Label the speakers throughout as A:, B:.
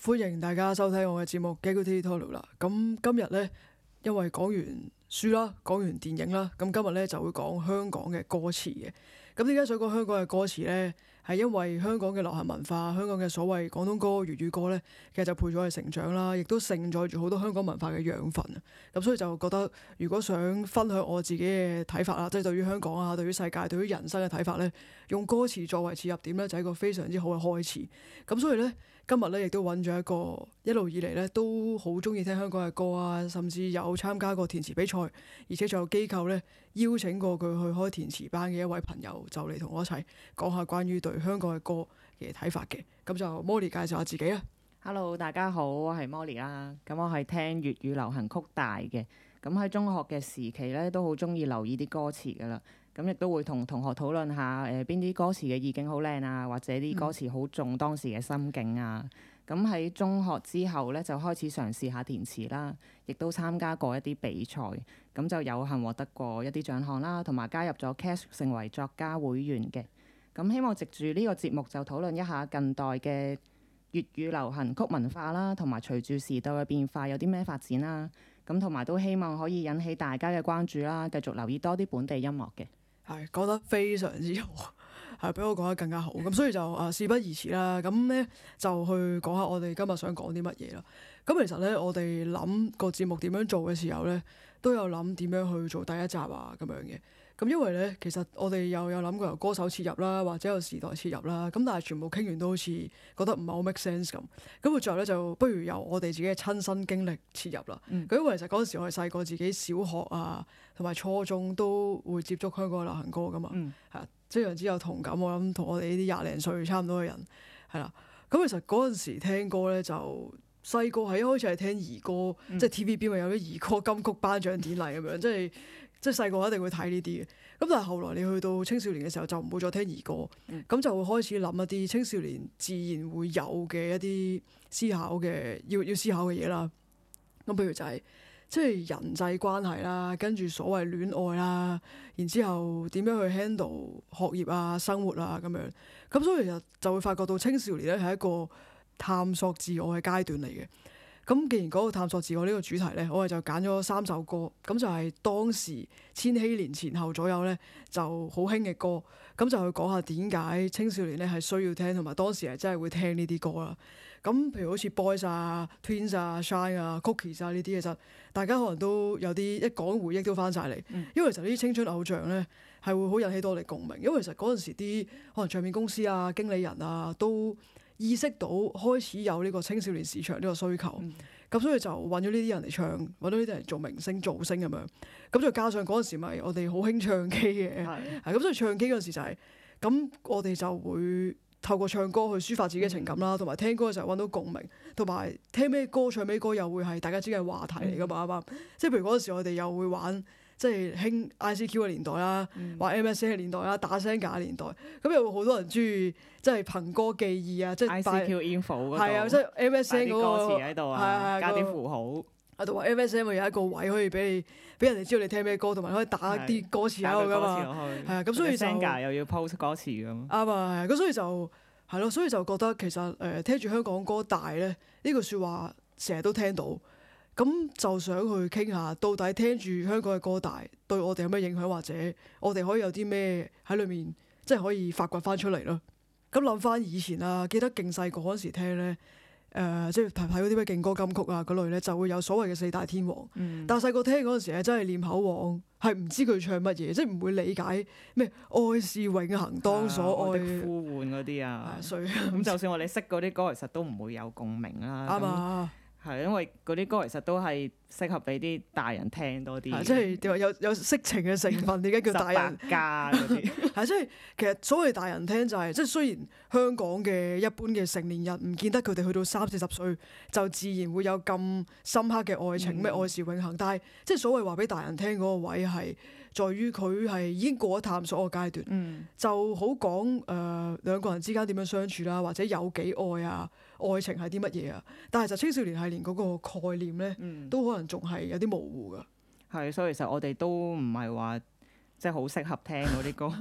A: 歡迎大家收睇我嘅節目《Guitar Tutorial》啦。咁今日呢，因為講完書啦，講完電影啦，咁今日呢就會講香港嘅歌詞嘅。咁點解想講香港嘅歌詞呢？係因為香港嘅流行文化，香港嘅所謂廣東歌、粵語歌呢，其實就陪咗我成長啦，亦都盛載住好多香港文化嘅養分。咁所以就覺得，如果想分享我自己嘅睇法啦，即係對於香港啊，對於世界，對於人生嘅睇法呢，用歌詞作為切入點呢，就係一個非常之好嘅開始。咁所以呢。今日咧，亦都揾咗一個一路以嚟咧，都好中意聽香港嘅歌啊，甚至有參加過填詞比賽，而且仲有機構咧，邀請過佢去開填詞班嘅一位朋友，就嚟同我一齊講下關
B: 於對香港嘅歌嘅睇法嘅。咁就 Molly 介紹下自己啦。Hello，大家好，我係 Molly 啦。咁我係聽粵語流行曲大嘅，咁喺中學嘅時期咧，都好中意留意啲歌詞噶啦。咁亦都會同同學討論下誒邊啲歌詞嘅意境好靚啊，或者啲歌詞好重當時嘅心境啊。咁喺、嗯、中學之後咧，就開始嘗試下填詞啦，亦都參加過一啲比賽，咁就有幸獲得過一啲獎項啦，同埋加入咗 Cash 成為作家會員嘅。咁希望藉住呢個節目就討論一下近代嘅粵語流行曲文化啦，同埋隨住時代嘅變化有啲咩發展啦。咁同埋都希望可以引起大家嘅關注啦，繼續留意多啲本地音樂嘅。
A: 係講得非常之好，係比我講得更加好，咁所以就啊事不宜遲啦，咁咧就去講下我哋今日想講啲乜嘢啦。咁其實咧，我哋諗個節目點樣做嘅時候咧，都有諗點樣去做第一集啊咁樣嘅。咁因為咧，其實我哋又有諗過由歌手切入啦，或者由時代切入啦。咁但係全部傾完都好似覺得唔係好 make sense 咁。咁我最後咧就不如由我哋自己嘅親身經歷切入啦。咁、嗯、因為其實嗰陣時我係細個，自己小學啊同埋初中都會接觸香港流行歌噶嘛，係啊、嗯，非常之有同感。我諗同我哋呢啲廿零歲差唔多嘅人係啦。咁其實嗰陣時聽歌咧就細個係一開始係聽兒歌，嗯、即係 TVB 咪有啲兒歌金曲頒獎典禮咁樣，即係、嗯。 即係細個一定會睇呢啲嘅，咁但係後來你去到青少年嘅時候就唔會再聽兒歌，咁、嗯、就會開始諗一啲青少年自然會有嘅一啲思考嘅，要要思考嘅嘢啦。咁譬如就係即係人際關係啦，跟住所謂戀愛啦，然之後點樣去 handle 學業啊、生活啊咁樣。咁所以就就會發覺到青少年咧係一個探索自我嘅階段嚟嘅。咁既然嗰個探索自我呢個主題咧，我哋就揀咗三首歌，咁就係當時千禧年前後左右咧就好興嘅歌，咁就去講下點解青少年咧係需要聽同埋當時係真係會聽呢啲歌啦。咁譬如好似 Boys 啊、Twins 啊、Shine 啊、Cookies 啊呢啲，其實大家可能都有啲一講回憶都翻晒嚟，因為其實呢啲青春偶像咧係會好引起到我哋共鳴，因為其實嗰陣時啲可能唱片公司啊、經理人啊都。意識到開始有呢個青少年市場呢個需求，咁、嗯、所以就揾咗呢啲人嚟唱，揾咗呢啲人做明星、造星咁樣。咁再加上嗰陣時咪我哋好興唱 K 嘅，咁的所以唱 K 嗰陣時就係、是、咁，我哋就會透過唱歌去抒發自己嘅情感啦，同埋、嗯、聽歌嘅時候揾到共鳴，同埋聽咩歌、唱咩歌又會係大家知嘅話題嚟噶嘛，啱啱、嗯？即係、就是、譬如嗰陣時我哋又會玩。即係興 I C Q 嘅年代啦，話 M S N 嘅年代啦，打聲噶年代，咁又好多人中意即係憑歌寄意啊！即係 I C Q 啊，即係 M、那個、S N 嗰個加啲歌詞喺度啊，對加啲符號。啊，同埋 M S N 又有一個位可以俾你，俾人哋知道你聽咩歌，同埋可以打啲歌詞喺度。」噶嘛。係啊，咁所以就
B: 又要 post 歌詞咁。
A: 啱啊，咁所以就係咯，所以就覺得其實誒、呃、聽住香港歌大咧呢句説話，成日都聽到。咁就想去傾下，到底聽住香港嘅歌大對我哋有咩影響，或者我哋可以有啲咩喺裏面，即、就、係、是、可以發掘翻出嚟咯。咁諗翻以前啊，記得勁細個嗰陣時聽咧，誒，即係睇睇嗰啲咩勁歌金曲啊嗰類咧，就會有所謂嘅四大天王。嗯、但係細個聽嗰時真係念口簧，係唔知佢唱乜嘢，即係唔會理解咩愛是永恆、啊、當所愛。愛的呼
B: 喚嗰啲啊，啊。所以。咁就算我哋識嗰啲歌，其實都唔會有共鳴啦。啱 係，因為嗰啲歌其實都係適合俾啲大人聽多啲，嗯。即係
A: 點話有有色情嘅成分，點解叫大人？十八家嗰啲。係，即係其實所謂大人聽就係、是，即係雖然香港嘅一般嘅成年人唔見得佢哋去到三四十歲就自然會有咁深刻嘅愛情咩？愛是永恆，但係即係所謂話俾大人聽嗰個位係在於佢係已經過咗探索個階段，就好講誒、呃、兩個人之間點樣相處啦，或者有幾愛啊，愛情係啲乜嘢啊？但係就是青少年係。連嗰個概念咧，嗯、都可能仲係有啲模糊噶。
B: 係。所以其實我哋都唔係話。即係好適合聽嗰啲歌，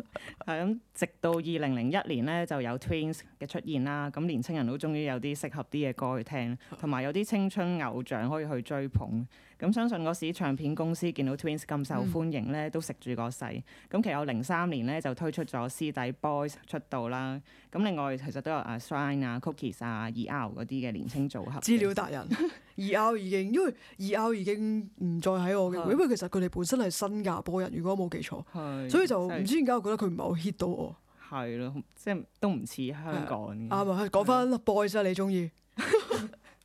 B: 係咁直到二零零一年咧，就有 Twins 嘅出現啦。咁年輕人都終於有啲適合啲嘅歌去聽，同埋有啲青春偶像可以去追捧。咁相信嗰時唱片公司見到 Twins 咁受歡迎咧，都食住個勢。咁其實零三年咧就推出咗師弟 Boys 出道啦。咁另外其實都有阿 Shine 啊、Cookies 啊、ER 嗰啲嘅年輕組合。資料達人。
A: 二 r、ER、已經，因為二 r、ER、已經唔再喺我嘅，啊、因為其實佢哋本身係新加坡人，如果冇記錯，
B: 是所以就唔知點
A: 解我覺得佢唔係好 hit 到我。
B: 係咯，即係都唔似香港
A: 嘅。啊，講翻的 boys 啊，你中意？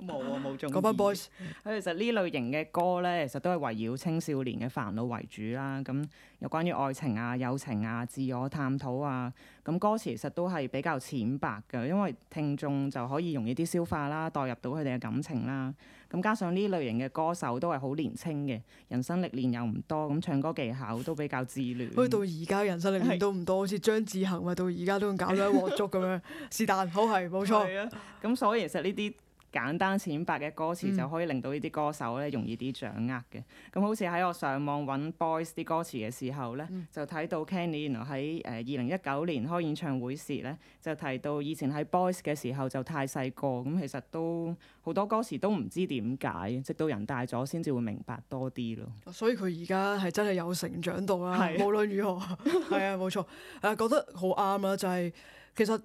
B: 冇 啊，冇中意。講翻 boys，喺其實呢類型嘅歌咧，其實都係圍繞青少年嘅煩惱為主啦。咁有關於愛情啊、友情啊、自我探討啊，咁歌詞其實都係比較淺白㗎，因為聽眾就可以容易啲消化啦，代入到佢哋嘅感情啦。咁加上呢類型嘅歌手都係好年輕嘅，人生歷練又唔多，咁唱歌技巧都比較稚嫩。去
A: 到而家人生歷練都唔多，好似張智恒啊，到而家都仲搞緊一鑊
B: 粥咁樣，是但，好係冇錯。係啊，咁所以其實呢啲。簡單淺白嘅歌詞就可以令到呢啲歌手咧容易啲掌握嘅。咁好似喺我上網揾 Boys 啲歌詞嘅時候咧，嗯、就睇到 Kenny 原來喺誒二零一九年開演唱會時咧，就提到以前喺 Boys 嘅時候就太細個，咁其實都好多歌詞都唔知點解，直到人大咗先至會明白多啲咯。
A: 所以佢而家係真係有成長到啦、啊，是無論如何，係 啊，冇錯，誒、啊、覺得好啱啦，就係、是、其實。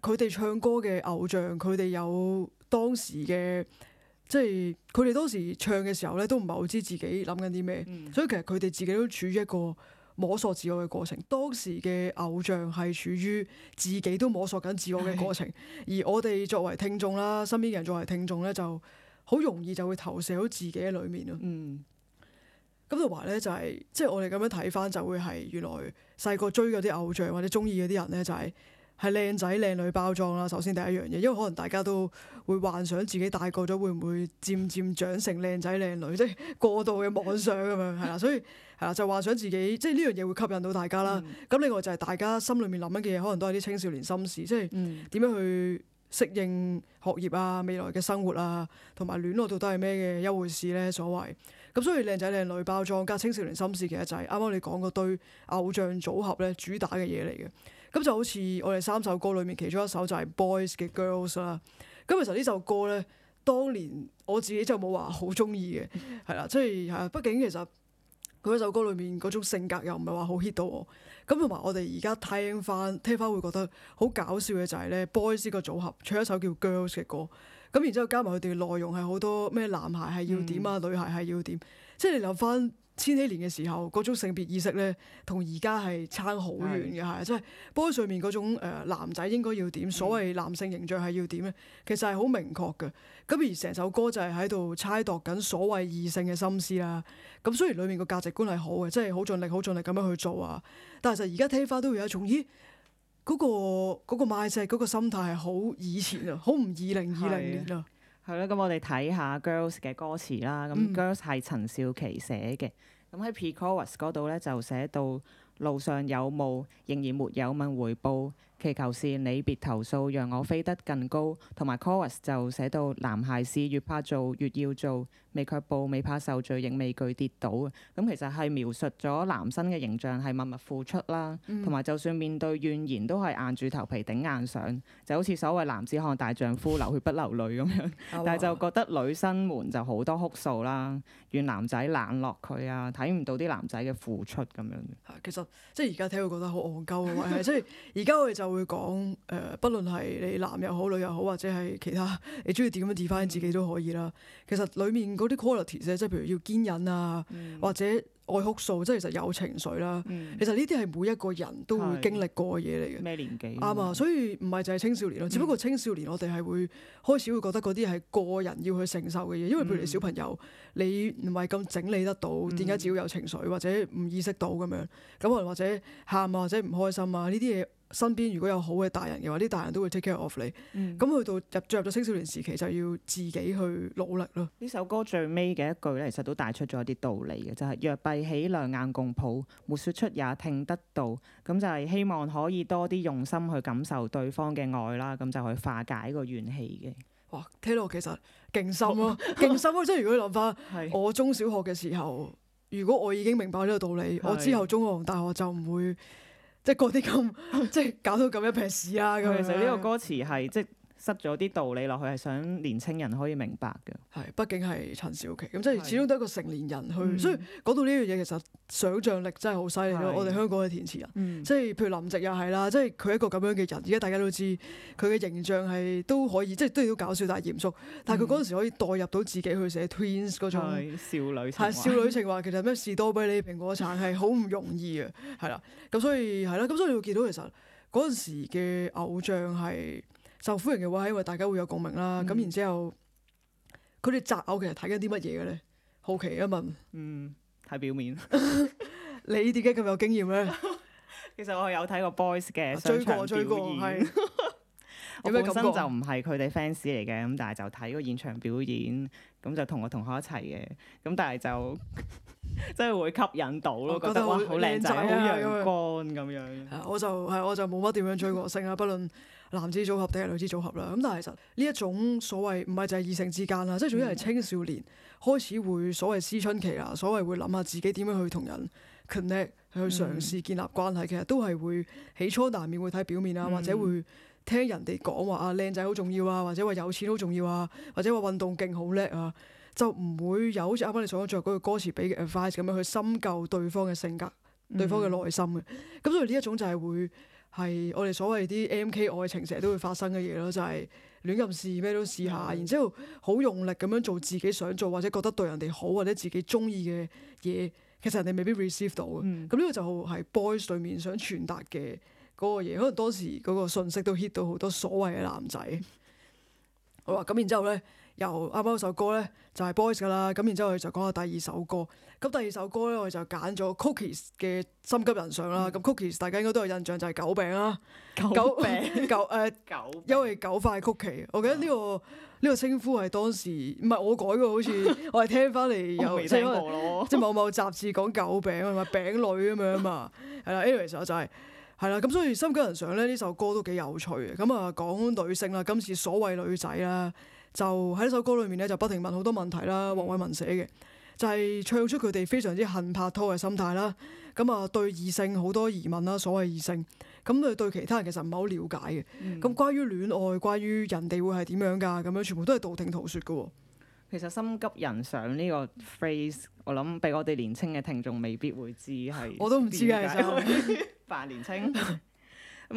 A: 佢哋唱歌嘅偶像，佢哋有當時嘅，即係佢哋當時唱嘅時候咧，都唔係好知自己諗緊啲咩，嗯、所以其實佢哋自己都處於一個摸索自我嘅過程。當時嘅偶像係處於自己都摸索緊自我嘅過程，是而我哋作為聽眾啦，身邊嘅人作為聽眾咧，就好容易就會投射到自己喺裏面咯。嗯，咁同埋咧，就係即係我哋咁樣睇翻，就，是、就會係原來細個追嗰啲偶像或者中意嗰啲人咧、就是，就係。係靚仔靚女包裝啦，首先第一樣嘢，因為可能大家都會幻想自己大個咗會唔會漸漸長成靚仔靚女，即係過度嘅妄想咁樣係啦，所以係啦就係、幻想自己，即係呢樣嘢會吸引到大家啦。咁、嗯、另外就係大家心裏面諗緊嘅嘢，可能都係啲青少年心事，即係點樣去適應學業啊、未來嘅生活啊，同埋戀愛到底係咩嘅一回事呢？所謂咁，所以靚仔靚女包裝加青少年心事，其實就係啱啱你哋講嗰堆偶像組合咧主打嘅嘢嚟嘅。咁就好似我哋三首歌裏面其中一首就係 Boys 嘅 Girls 啦。咁其實呢首歌呢，當年我自己就冇話好中意嘅，係啦、嗯，即係係。畢竟其實佢首歌裏面嗰種性格又唔係話好 hit 到我。咁同埋我哋而家聽翻聽翻會覺得好搞笑嘅就係呢，《Boys》個組合唱一首叫 Girls 嘅歌。咁然之後加埋佢哋嘅內容係好多咩男孩係要點啊，嗯、女孩係要點。即係你諗翻。千禧年嘅時候，嗰種性別意識呢，同而家係差好遠嘅，係啊，即係歌上面嗰種、呃、男仔應該要點，所謂男性形象係要點咧，其實係好明確嘅。咁而成首歌就係喺度猜度緊所謂異性嘅心思啦。咁雖然裡面個價值觀係好嘅，即係好盡力、好盡力咁樣去做啊。但係就而家聽翻都會有一種咦，嗰個、嗰個賣石嗰個心態係好以前啊，好唔二零二零年啊。
B: 係啦，咁我哋睇下 Girls 嘅歌詞啦。咁 Girls 係陳少琪寫嘅。咁喺 Powers 嗰度咧就寫到路上有霧，仍然沒有問回報。祈求是你別投訴讓我飛得更高。同埋 chorus 就寫到男孩是越怕做越要做，未卻步，未怕受罪，亦未懼跌倒。咁其實係描述咗男生嘅形象係默默付出啦，同埋、嗯、就算面對怨言都係硬住頭皮頂硬上，就好似所謂男子漢大丈夫流血不流淚咁樣，但係就覺得女生們就好多哭訴啦，怨男仔冷落佢啊，睇唔到啲男仔嘅付出咁樣，
A: 其實即係而家聽會覺得好戇鳩啊，即係而家我哋就。我會講，誒、呃，不論係你男又好，女又好，或者係其他，你中意點咁樣 define 自己都可以啦。嗯、其實裏面嗰啲 quality 即係，譬如要堅忍啊，嗯、或者愛哭訴，即係、嗯、其實有情緒啦。其實呢啲係每一個人都會經歷過嘅嘢嚟嘅。咩
B: 年紀、啊？啱啊，
A: 所以唔係就係青少年咯，嗯、只不過青少年我哋係會開始會覺得嗰啲係個人要去承受嘅嘢，因為譬如你小朋友，嗯、你唔係咁整理得到，點解、嗯、只要有情緒，或者唔意識到咁樣，咁或者喊啊，或者唔開心啊，呢啲嘢。身邊如果有好嘅大人嘅話，
B: 啲大人都會 take care of 你。咁、嗯、去到入進入咗青少年時期，就要自己去努力咯。呢首歌最尾嘅一句咧，其實都帶出咗一啲道理嘅，就係、是、若閉起兩眼共抱，沒説出也聽得到。咁就係希望可以多啲用心去感受對方嘅愛啦，咁就去化解個怨氣嘅。哇！聽到其實
A: 勁深咯，勁深啊！即係 如果你諗翻， 是我中小學嘅時候，如果我已經明白呢個道理，是我之後中學同大學就唔會。即係嗰啲咁，即係搞到咁一屁屎啦。咁。 其實呢個歌
B: 詞係即失咗啲道理落去，係想年青人可以明白嘅。係，畢竟係陳少琪咁，即係始
A: 終都係一個成年人去。所以講到呢樣嘢，其實想像力真係好犀利咯。我哋香港嘅填詞人，即係譬如林夕又係啦，即係佢一個咁樣嘅人。而家大家都知佢嘅形象係都可以，即係都要搞笑，但係嚴肅。但係佢嗰陣時可以代入到自己去寫 twins 嗰種
B: 少女，係少女
A: 情話。其實咩士多啤梨蘋果橙係好唔容易嘅，係啦。咁所以係啦，咁所以你會見到其實嗰陣時嘅偶像係。受歡迎嘅話，因為大家會有共鳴啦。咁、嗯、然之後，佢哋擇偶其實睇緊啲乜嘢嘅咧？好奇啊問。嗯，
B: 睇表面。
A: 你點解咁有經驗咧？
B: 其實我有睇過 Boys 嘅現場追過追
A: 過，我本身就唔
B: 係佢哋 fans 嚟嘅，咁但係就睇個現場表演，咁就同我同學一齊嘅，咁但係就 真係會吸引到咯，我覺得好好靚仔好陽光咁為樣我。我
A: 就係我就冇乜點樣追過星啊，不論男子組合定係女子組合啦，咁但係其實呢一種所謂唔係就係異性之間啦，即係、嗯、總之係青少年開始會所謂思春期啦，所謂會諗下自己點樣去同人 connect 去嘗試建立關係，嗯、其實都係會起初難免會睇表面啊，或者會聽人哋講話啊，靚仔好重要啊，或者話有錢好重要啊，或者話運動勁好叻啊，就唔會有好似啱啱你所講著嗰句歌詞俾嘅 advice 咁樣去深究對方嘅性格、對方嘅內心嘅。咁、嗯、所以呢一種就係會。係我哋所謂啲 M.K. 愛情成日都會發生嘅嘢咯，就係、是、亂咁試咩都試下，然之後好用力咁樣做自己想做或者覺得對人哋好或者自己中意嘅嘢，其實人哋未必 receive 到嘅。咁呢、嗯、個就係 boys 裡面想傳達嘅嗰個嘢，可能當時嗰個信息都 hit 到好多所謂嘅男仔。 好啦，咁然之後咧。由啱啱嗰首歌咧就係、是、Boys 噶啦，咁然之後佢就講下第二首歌，咁第二首歌咧我哋就揀咗 Cookies 嘅《心急人上》啦，咁、嗯、Cookies 大家應該都有印象就係狗餅啦。狗餅狗誒，狗呃、狗餅因為狗塊曲奇，的我記得呢、這個呢、這個稱呼係當時唔係我改嘅，好似我係聽翻嚟 有即係即某某雜誌講狗餅同埋餅女咁樣嘛，係啦，Anyways，我就係、是。係啦，咁所以心急人上咧，呢首歌都幾有趣嘅，咁啊講女性啦，今次所謂女仔啦，就喺呢首歌裏面咧就不停問好多問題啦。黃偉文寫嘅就係唱出佢哋非常之恨拍拖嘅心態啦，咁啊對異性好多疑問啦，所謂異性，咁啊對其他人其實唔係好了解嘅。咁關於戀愛，關於人哋會係點樣噶，咁樣全部都係道聽途說噶。
B: 其實心急人上呢個 phrase，我諗俾我哋年輕嘅聽眾未必會知，係我都唔知嘅。 扮年青咁、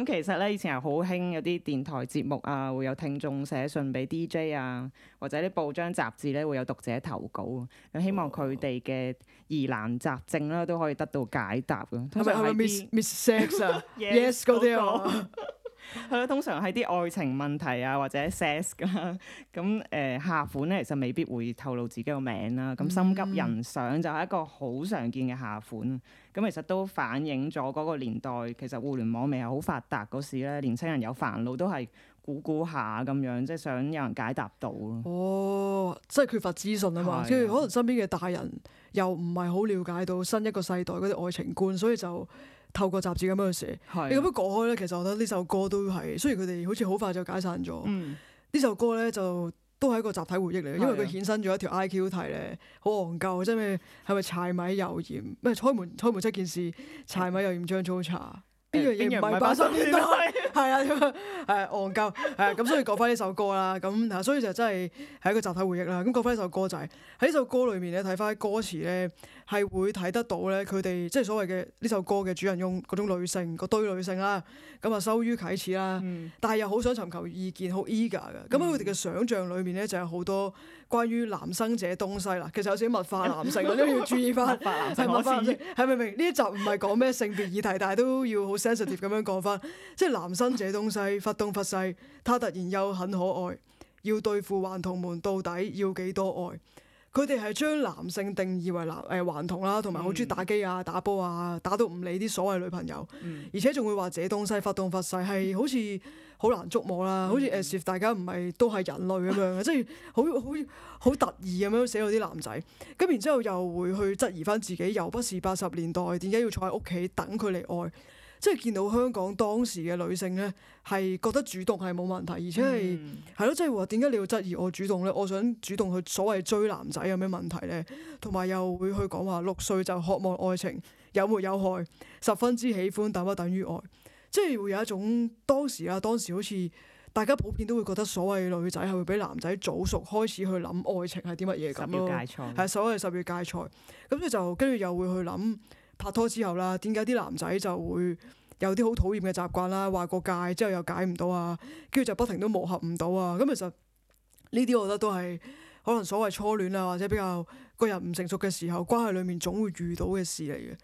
B: 嗯，其實咧以前係好興有啲電台節目啊，會有聽眾寫信俾 DJ 啊，或者啲報章雜誌咧會有讀者投稿，咁希望佢哋嘅疑難雜症啦都可以得到解答噶。其實係咪 Miss Miss Sex 啊？Yes 嗰啲啊！係咯，通常係啲愛情問題啊，或者 sad 噶咁誒下款咧，其實未必會透露自己個名啦。咁心急人想就係一個好常見嘅下款啦。咁其實都反映咗嗰個年代，其實互聯網未係好發達嗰時咧，年青人有煩惱都係估估下咁樣，即係想有人解答到咯。哦，即係缺乏資訊啊嘛，即係可
A: 能身邊嘅大人又唔係好了解到新一個世代嗰啲愛情觀，所以就～透過雜誌咁樣寫，你咁的樣講開咧，其實我覺得呢首歌都係，雖然佢哋好似好快就解散咗，呢、嗯、首歌咧就都係一個集體回憶嚟，因為佢衍生咗一條 IQ 題咧，好戇鳩，真係係咪柴米油鹽？咩？唔係開門開門七件事，柴米油鹽醬醋茶。呢樣嘢唔係係，啊，咁、嗯、啊，係戇鳩，係啊，咁所以講翻呢首歌啦，咁啊、嗯，所以就真係係一個集體回憶啦。咁講翻呢首歌就係喺呢首歌裏面咧，睇翻歌詞咧，係會睇得到咧，佢哋即係所謂嘅呢首歌嘅主人翁嗰種女性，個堆女性啦，咁啊，羞於啟齒啦，但係又好想尋求意見，好 eager 嘅。咁喺佢哋嘅想象裏面咧，就係好多。關於男生這東西啦，其實有少少物， 物，物化男性，我都要注意翻。物化男性，我知，係咪明？呢一集唔係講咩性別議題，但係都要好 sensitive 咁樣講翻， 即係男生這東西，忽東忽西，他突然又很可愛，要對付頑童們，到底要幾多愛？佢哋係將男性定義為男誒、呃、頑童啦，同埋好中意打機啊、打波啊，打到唔理啲所謂女朋友，嗯、而且仲會話這東西發動發勢係好似、嗯、好難捉摸啦，好似 assume 大家唔係都係人類咁樣，即係好好好得意咁樣寫到啲男仔，咁然之後又會去質疑翻自己，又不是八十年代，點解要坐喺屋企等佢嚟愛？即係見到香港當時嘅女性呢，係覺得主動係冇問題，而且係係咯，即係話點解你要質疑我主動呢？我想主動去所謂追男仔有咩問題呢？同埋又會去講話六歲就渴望愛情有沒有害？十分之喜歡等不等於愛，即係會有一種當時啊，當時好似大家普遍都會覺得所謂女仔係會比男仔早熟，開始去諗愛情係啲乜嘢咁咯。係所謂十月芥菜，咁就跟住又會去諗。拍拖之後啦，點解啲男仔就會有啲好討厭嘅習慣啦？話過戒之後又解唔到啊，跟住就不停都磨合唔到啊。咁其實呢啲我覺得都係可能所謂初戀啊，或者比較個人唔成熟嘅時候，關係裡面總會遇到嘅事嚟嘅。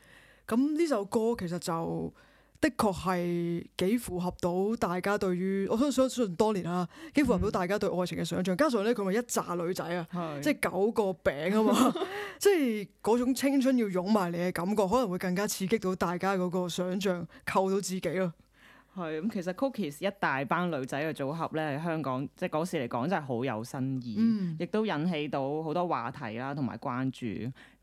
A: 咁呢首歌其實就～的確係幾符合到大家對於，我相信相信多年啦、啊，幾符合到大家對愛情嘅想像。嗯、加上咧，佢咪一紮女仔啊，是 即係九個餅啊嘛， 即係嗰種青春要擁埋你嘅感覺，可能會更加刺激到大家嗰個想像，扣到自己咯。
B: 係咁，其實 Cookies 一大班女仔嘅組合咧，喺香港 即係嗰時嚟講真係好有新意，亦都、嗯、引起到好多話題啦，同埋關注。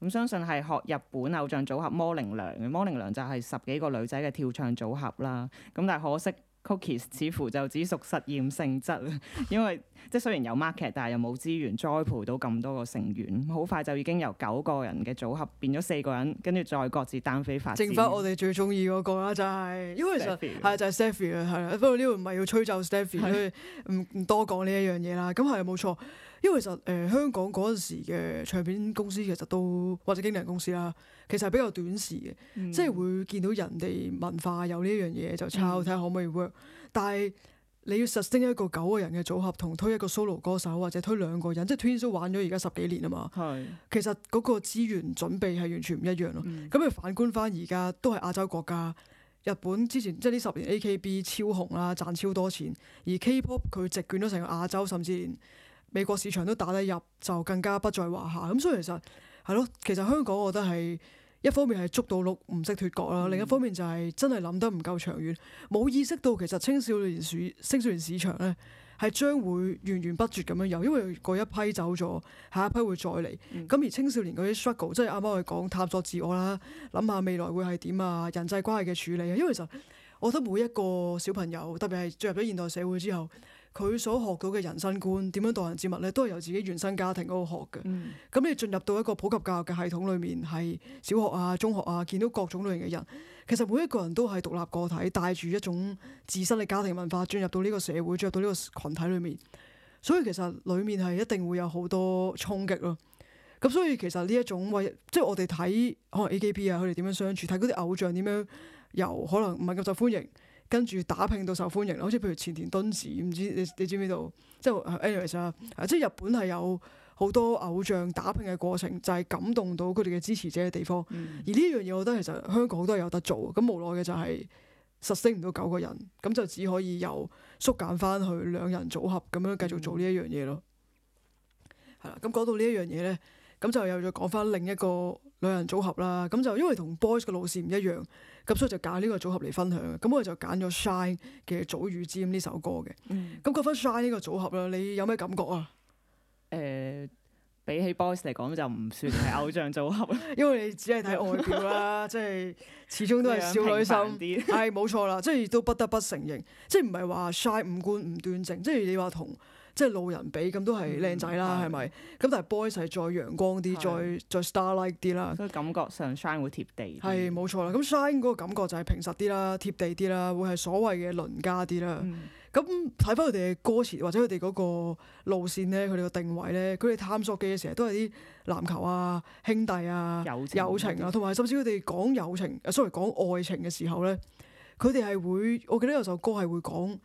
B: 咁相信係學日本偶像組合摩寧娘嘅，摩寧娘就係十幾個女仔嘅跳唱組合啦。咁但係可惜。Cookies 似乎就只屬實驗性質，因為即係雖然有 market，但係又冇資源栽培到咁多個成員，好快就已經由九個人嘅組合變咗四個人，跟住再各自單飛發展。剩返我
A: 哋最中意嗰個啦，就係、是、因為其實
B: 係就係 Stephy 啊，係啦，
A: 不過呢度唔係要吹走 Stephy，所以唔唔多講呢一樣嘢啦。咁係冇錯，因為其實誒、呃、香港嗰陣時嘅唱片公司其實都或者經理人公司啦，其實係比較短視嘅，嗯、即係會見到人哋文化有呢樣嘢就抄，睇下可唔可以 work、嗯。但係你要 sustain 一個九個人嘅組合，同推一個 solo 歌手或者推兩個人，即係 Twins 都玩咗而家十幾年啊嘛。係是其實嗰個資源準備係完全唔一樣咯。咁你、嗯、反觀翻而家都係亞洲國家，日本之前即係呢十年 AKB 超紅啦，賺超多錢，而 K-pop 佢席捲咗成個亞洲，甚至連。美國市場都打得入，就更加不在話下。咁所以其實係咯，其實香港我覺得係一方面係捉到鹿唔識脫角啦，嗯、另一方面就係真係諗得唔夠長遠，冇意識到其實青少年市青少年市場呢係將會源源不絕咁樣有，因為嗰一批走咗，下一批會再嚟。咁、嗯、而青少年嗰啲 struggle，即係啱啱我哋講探索自我啦，諗下未來會係點啊，人際關係嘅處理啊。因為其實我覺得每一個小朋友，特別係進入咗現代社會之後。佢所學到嘅人生觀點樣待人接物咧，都係由自己原生家庭嗰度學嘅。咁、嗯、你進入到一個普及教育嘅系統裏面，係小學啊、中學啊，見到各種類型嘅人，其實每一個人都係獨立個體，帶住一種自身嘅家庭文化，進入到呢個社會，進入到呢個群體裏面。所以其實裡面係一定會有好多衝擊咯。咁所以其實呢一種為即係我哋睇可能 AKP 啊，佢哋點樣相處，睇嗰啲偶像點樣由，由可能唔係咁受歡迎。跟住打拼到受歡迎，好似譬如前田敦子，唔知你你知唔知道？即係 anyways 啊，即係日本係有好多偶像打拼嘅過程，就係感動到佢哋嘅支持者嘅地方。嗯、而呢樣嘢，我覺得其實香港都係有得做。咁無奈嘅就係實升唔到九個人，咁就只可以由縮減翻去兩人組合咁樣繼續做呢一樣嘢咯。係啦、嗯，咁講到呢一樣嘢咧，咁就又再講翻另一個兩人組合啦。咁就因為同 boys 嘅路線唔一樣。咁所以就揀呢個組合嚟分享啊，咁我就揀咗 Shine 嘅《祖與占》呢首歌嘅。
B: 咁講翻 Shine 呢個組合啦，你有咩感覺啊？誒、呃，比起 Boys 嚟講就唔算係偶像組合啦， 因為你只係睇外表啦， 即係始終都係少女心啲。係
A: 冇錯啦，即係亦都不得不承認，即係唔係話 Shine 五官唔端正，即係你話同。即係路人比咁都係靚仔啦，係咪、嗯？咁吧但係 boys 係再陽光啲、嗯，再
B: 再 starlike 啲啦。所以感覺上 shine 會貼地。係
A: 冇錯啦，咁 shine 嗰個感覺就係平實啲啦，貼地啲啦，會係所謂嘅鄰家啲啦。咁睇翻佢哋嘅歌詞，或者佢哋嗰個路線咧，佢哋個定位咧，佢哋探索嘅嘢成日都係啲籃球啊、兄弟啊、友情啊，同埋甚至佢哋講友情，誒 sorry，講愛情嘅時候咧，佢哋係會，我記得有首歌係會講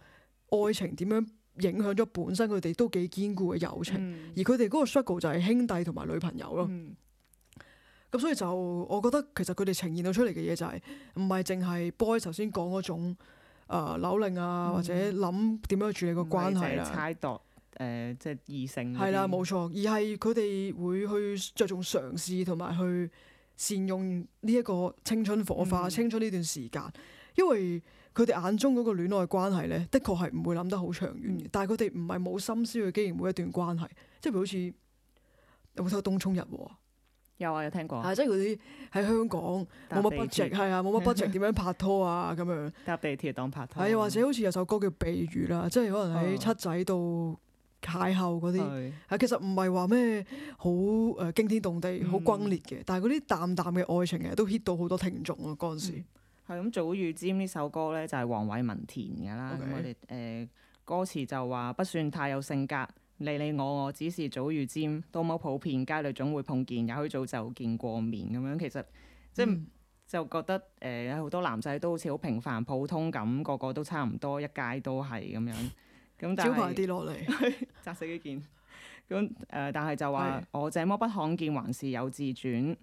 A: 愛情點樣。影響咗本身佢哋都幾堅固嘅友情，嗯、而佢哋嗰個 struggle 就係兄弟同埋女朋友咯。咁、嗯、所以就我覺得其實佢哋呈現到出嚟嘅嘢就係唔係淨係 boy 頭先講嗰種扭令、呃、啊，或者諗點樣去
B: 處理個關係啦。態即係異性係啦，冇錯。而係
A: 佢哋會去着重嘗試同埋去善用呢一個青春火花、嗯、青春呢段時間，因為佢哋眼中嗰個戀愛關係咧，的確係唔會諗得好長遠嘅。嗯、但係佢哋唔係冇心思去經營每一段關係，即係好似有冇首《東沖日、啊》喎，
B: 有啊，有聽過啊，即係嗰
A: 啲喺香港冇乜 budget 係啊，冇乜 budget 點
B: 樣拍拖啊咁樣搭地鐵當拍拖，啊、或者好似有首
A: 歌叫《鯉魚》啦，即係可能喺七仔度邂逅嗰啲啊，嗯、其實唔係話咩好誒驚天動地、好轟烈嘅，嗯、但係嗰啲淡淡嘅愛情嘅，都 hit 到好多聽眾啊。嗰陣時、嗯。
B: 係咁，祖與占呢首歌咧就係黃偉文填㗎啦。咁 Okay. 我哋誒、呃、歌詞就話不算太有性格，你你我我只是祖與占，多麼普遍街裏總會碰見，也許早就見過面咁樣。其實即係、嗯、就覺得誒，好、呃、多男仔都好似好平凡普通咁，個個都差唔多，一街都係咁樣。咁但係招牌跌落嚟，砸 死幾件。咁、呃、誒，但係就話是我這麼不罕見，還是有自傳。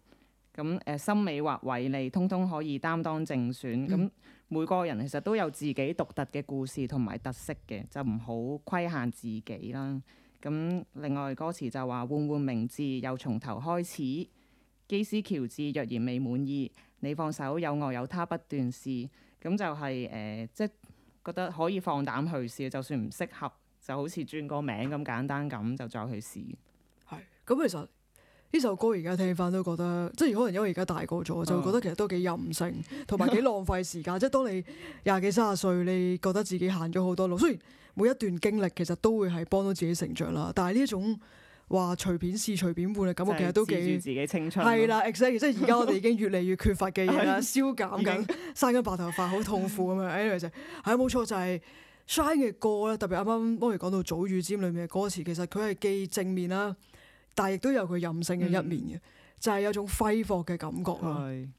B: 咁誒，森美或韋利，通通可以擔當正選。咁、嗯、每個人其實都有自己獨特嘅故事同埋特色嘅，就唔好規限自己啦。咁另外歌詞就話換換名字又從頭開始，基斯喬治若然未滿意，你放手有我有他不斷試。咁就係、是、誒、呃，即係覺得可以放膽去試，就算唔適合，就好似轉個名咁簡單咁就再去試。係，咁其實，
A: 呢首歌而家聽翻都覺得，即係可能因為而家大個咗，就覺得其實都幾任性，同埋幾浪費時間。 即係當你廿幾三十歲，你覺得自己行咗好多路，雖然每一段經歷其實都會係幫到自己成長啦，但係呢一種話隨便試隨便換
B: 嘅感覺，其實都幾自己青春係啦。Exactly，即係而家我哋已
A: 經越嚟越缺乏嘅嘢啦，消減緊，生緊白頭髮，好痛苦噉樣。Anyway，就係冇錯，就係 Shine 嘅歌咧，特別啱啱幫你講到《祖與占》裏面嘅歌詞，其實佢係既正面啦。但係亦都有佢任性嘅一面嘅，嗯、就係有種揮霍嘅感覺咯是。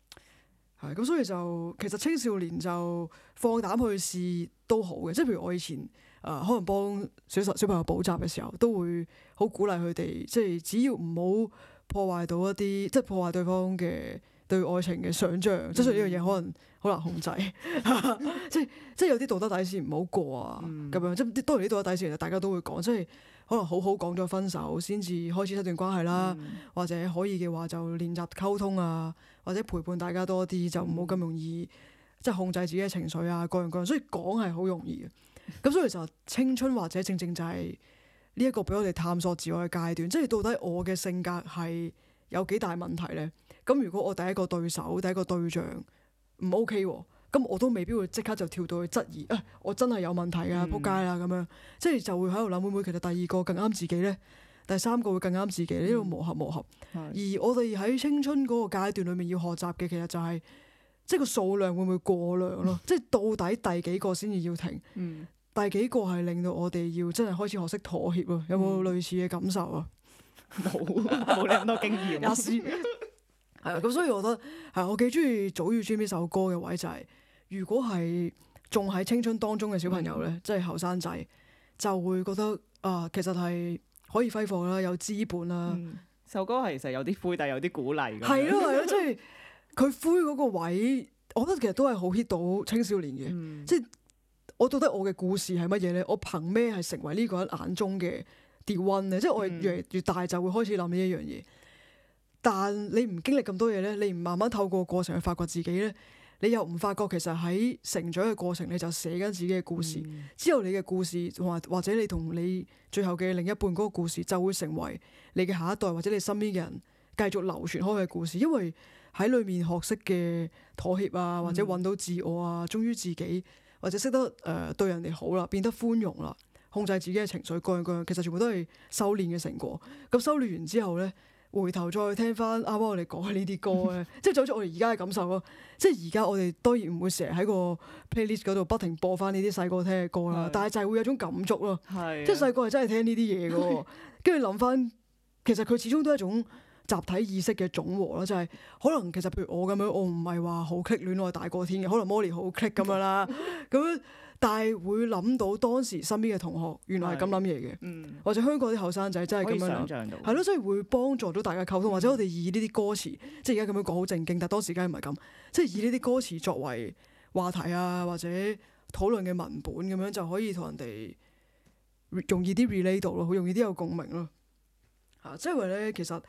A: 係，咁所以就其實青少年就放膽去試都好嘅，即係譬如我以前誒、呃、可能幫小十小朋友補習嘅時候，都會好鼓勵佢哋，即係只要唔好破壞到一啲，即係破壞對方嘅。對愛情嘅想像，嗯、即係呢樣嘢可能好難控制，嗯、 即係即係有啲道德底線唔好過啊咁、嗯、樣，即係當然啲道德底線其實大家都會講，即係可能好好講咗分手先至開始一段關係啦，嗯、或者可以嘅話就練習溝通啊，或者陪伴大家多啲，就唔好咁容易、嗯、即係控制自己嘅情緒啊，各樣各樣。所以講係好容易嘅，咁、嗯、所以就青春或者正正，正就係呢一個俾我哋探索自我嘅階段，即係到底我嘅性格係。有幾大問題呢？咁如果我第一個對手、第一個對象唔 OK，咁我都未必會即刻就跳到去質疑啊！我真係有問題啊，撲街啦咁樣，即係就會喺度諗，會唔會其實第二個更啱自己呢，第三個會更啱自己？呢度磨合磨合。嗯、而我哋喺青春嗰個階段裏面要學習嘅，其實就係、是、即係個數量會唔會過量咯？ 即係到底第幾個先至要停？嗯、第幾個係令到我哋要真係開始學識妥協咯？有冇類似嘅感受啊？
B: 冇冇你咁多經驗是， 阿是
A: 係咁，所以我覺得係我幾中意《早與尊》呢首歌嘅位就係、是，如果係仲喺青春當中嘅小朋友咧，即係後生仔，就會覺得啊，其實係可以揮霍啦，有資本啦。嗯、
B: 首歌係其實有啲灰，但係有啲鼓勵。 係咯係咯，即係
A: 佢灰嗰個位，我覺得其實都係好 hit 到青少年嘅。即係、嗯、我覺得我嘅故事係乜嘢咧？我憑咩係成為呢個人眼中嘅？跌溫，即係我越越大，就會開始諗呢一樣嘢。嗯、但你唔經歷咁多嘢呢，你唔慢慢透過過程去發掘自己呢？你又唔發覺其實喺成長嘅過程，你就寫緊自己嘅故事。嗯、之後你嘅故事同或者你同你最後嘅另一半嗰個故事，就會成為你嘅下一代或者你身邊嘅人繼續流傳開嘅故事。因為喺裏面學識嘅妥協啊，或者揾到自我啊，忠於自己，或者識得誒、呃、對人哋好啦，變得寬容啦。控制自己嘅情緒，各樣各樣，其實全部都係修煉嘅成果。咁修煉完之後咧，回頭再聽翻啱啱我哋講呢啲歌咧， 即係走出我哋而家嘅感受咯。即係而家我哋當然唔會成日喺個 playlist 嗰度不停播翻呢啲細個聽嘅歌啦，的但係就係會有種感觸咯。
B: 係的，即係細
A: 個係真係聽呢啲嘢嘅，跟住諗翻，其實佢始終都係一種集體意識嘅總和咯。就係、是、可能其實譬如我咁樣，我唔係話好 click 戀愛大過天嘅，可能 Molly 好 click 咁樣啦，咁。 但係會諗到當時身邊嘅同學原來係咁諗嘢嘅，嗯、或者香港啲後生仔真係咁樣諗，係咯，所以會幫助到大家溝通，嗯、或者我哋以呢啲歌詞，嗯、即係而家咁樣講好正經，但係當時梗係唔係咁，即係以呢啲歌詞作為話題啊，或者討論嘅文本咁樣就可以同人哋容易啲 relate 到咯，好容易啲有共鳴咯。啊，即係話咧，其實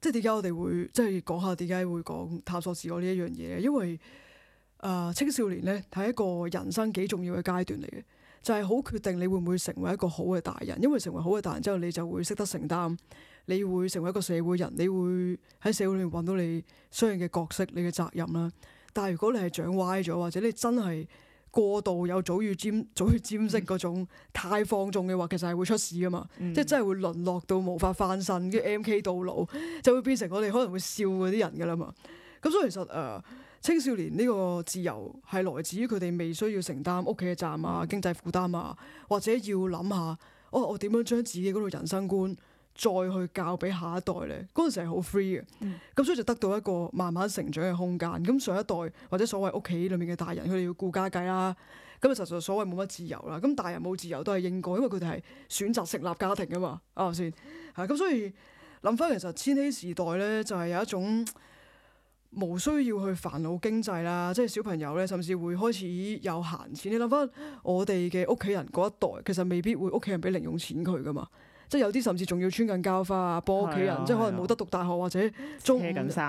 A: 即係點解我哋會即係講下點解會講探索自我呢一樣嘢？因為啊、呃，青少年呢，係一個人生幾重要嘅階段嚟嘅，就係、是、好決定你會唔會成為一個好嘅大人。因為成為好嘅大人之後，你就會識得承擔，你會成為一個社會人，你會喺社會裏面搵到你相應嘅角色、你嘅責任啦。但係如果你係長歪咗，或者你真係過度有早要尖、早去尖識嗰種太放縱嘅話，其實係會出事㗎嘛，嗯、即係真係會淪落到無法翻身，跟 M K 到老，就會變成我哋可能會笑嗰啲人噶啦嘛。咁所以其實誒。呃青少年呢個自由係來自於佢哋未需要承擔屋企嘅責任啊、經濟負擔啊，或者要諗下哦，我點樣將自己嗰套人生觀再去教俾下一代咧？嗰陣時係好 free 嘅，咁、嗯、所以就得到一個慢慢成長嘅空間。咁上一代或者所謂屋企裏面嘅大人，佢哋要顧家計啦，咁其實就所謂冇乜自由啦。咁大人冇自由都係應該，因為佢哋係選擇成立家庭㗎嘛，啱、啊、先？吓咁、啊、所以諗翻其實千禧時代咧就係有一種。無需要去煩惱經濟啦，即係小朋友咧，甚至會開始有閒錢。你諗返我哋嘅屋企人嗰一代，其實未必會屋企人俾零用錢佢㗎嘛。即係有啲甚至仲要穿緊膠花啊，幫屋企人，的即係可能冇得讀大學或者中五。係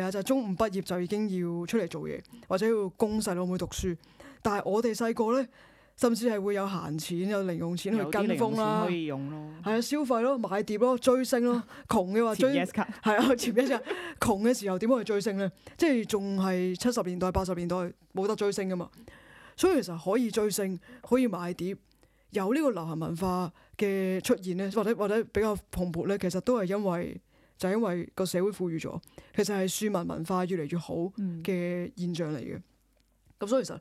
A: 啊的，就係中五畢業就已經要出嚟做嘢，或者要供細佬妹去讀書。但係我哋細個咧。甚至係會有閒錢、有零用錢去跟風啦，可以用咯，係啊，消費咯、買碟咯、追星咯。窮嘅話追，係啊 前， 前一陣窮嘅時候點可以追星咧？即係仲係七十年代、八十年代冇得追星㗎嘛。所以其實可以追星、可以買碟、有呢個流行文化嘅出現咧，或者或者比較蓬勃咧，其實都係因為就係、是、因為個社會富裕咗，其實係庶民文化越嚟越好嘅現象嚟嘅。咁、嗯、所以其實。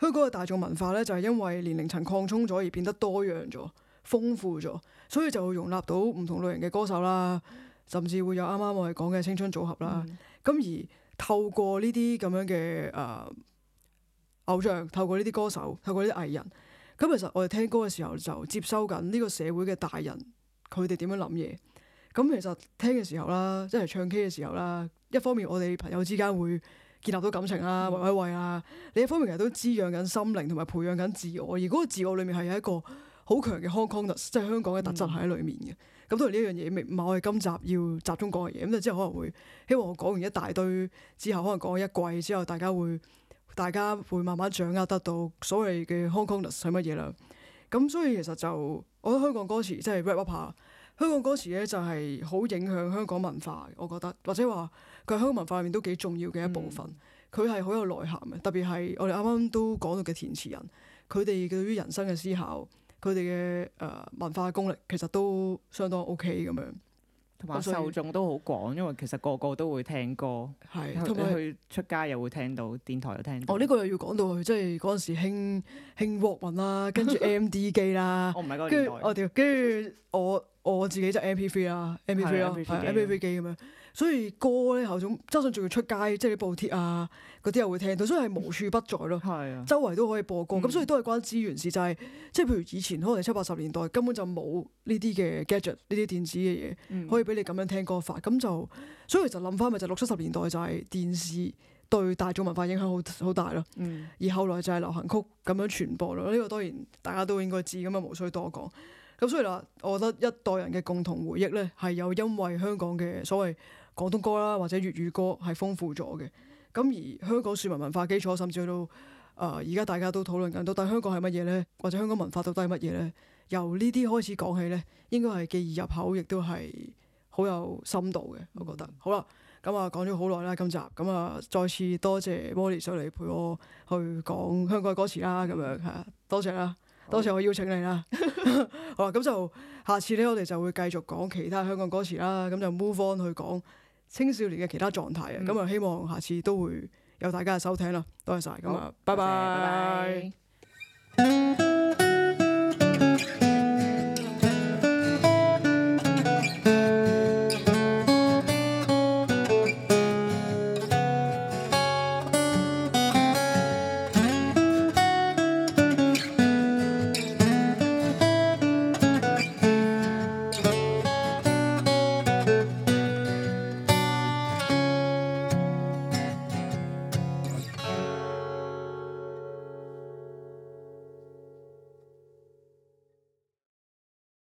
A: 香港嘅大眾文化咧，就係、是、因為年齡層擴充咗而變得多樣咗、豐富咗，所以就會容納到唔同類型嘅歌手啦，嗯、甚至會有啱啱我哋講嘅青春組合啦。咁、嗯、而透過呢啲咁樣嘅誒、呃、偶像，透過呢啲歌手，透過呢啲藝人，咁其實我哋聽歌嘅時候就接收緊呢個社會嘅大人佢哋點樣諗嘢。咁其實聽嘅時候啦，即係唱 K 嘅時候啦，一方面我哋朋友之間會，建立到感情啦，喂喂喂啊，另、嗯、一位、啊、你方面其實都滋養緊心靈同埋培養緊自我，而嗰個自我裏面係有一個好強嘅 Hong Kongness 即係香港嘅特質喺裏面嘅。咁當然呢樣嘢未唔係我哋今集要集中講嘅嘢，咁就之後可能會希望我講完一大堆之後可能講一季之後大家會大家會慢慢掌握得到所謂嘅 Hong Kongness 係乜嘢啦。咁所以其實就我覺得香港歌詞真係 rap up，香港歌詞咧就係好影響香港文化，我覺得或者話。佢喺香港文化入面都幾重要嘅一部分，佢係好有內涵嘅。特別係我哋啱啱都講到嘅填詞人，佢哋對於人生嘅思考，佢哋嘅誒文化功力其實都相當 OK 咁樣，
B: 同埋受眾都好廣，因為其實個個都會聽歌，係同埋去出街又會聽到，電台又聽
A: 到。哦，呢個又要講到佢，即係嗰陣時興興 Walkman 啦，跟住 MD 機啦，我唔我跟住我我自己就 MP3 啦，MP3 啦，MP3 機咁樣。所以歌咧係種，加上仲要出街，即係啲報帖啊嗰啲又會聽到，所以係無處不在咯。係啊，周圍都可以播歌，咁、嗯、所以都係關資源事。就係即係譬如以前可能七八十年代根本就冇呢啲嘅 gadget，呢啲電子嘅嘢可以俾你咁樣聽歌法。咁就所以其實諗翻咪就六七十年代就係電視對大眾文化影響好好大咯。嗯、而後來就係流行曲咁樣傳播咯。呢個當然大家都應該知，咁啊無需多講。咁所以嗱，我覺得一代人嘅共同回憶咧係有因為香港嘅所謂。廣東歌啦，或者粵語歌係豐富咗嘅。咁而香港市民文化基礎，甚至去到啊，而、呃、家大家都討論緊到底香港係乜嘢呢？或者香港文化到底係乜嘢呢？由呢啲開始講起呢，應該係既易入口，亦都係好有深度嘅。我覺得好啦，咁啊講咗好耐啦，今集咁啊、嗯，再次多謝，謝 Molly 上嚟陪我去講香港歌詞啦，咁樣吓，多謝啦，好多謝我邀請你啦。 好啦，咁、嗯、就 下次呢，我哋就會繼續講其他香港歌詞啦，咁、嗯、就 move on 去講。青少年嘅其他狀態啊，咁啊、嗯、希望下次都會有大家嘅收聽啦，好多謝晒，咁啊，拜拜。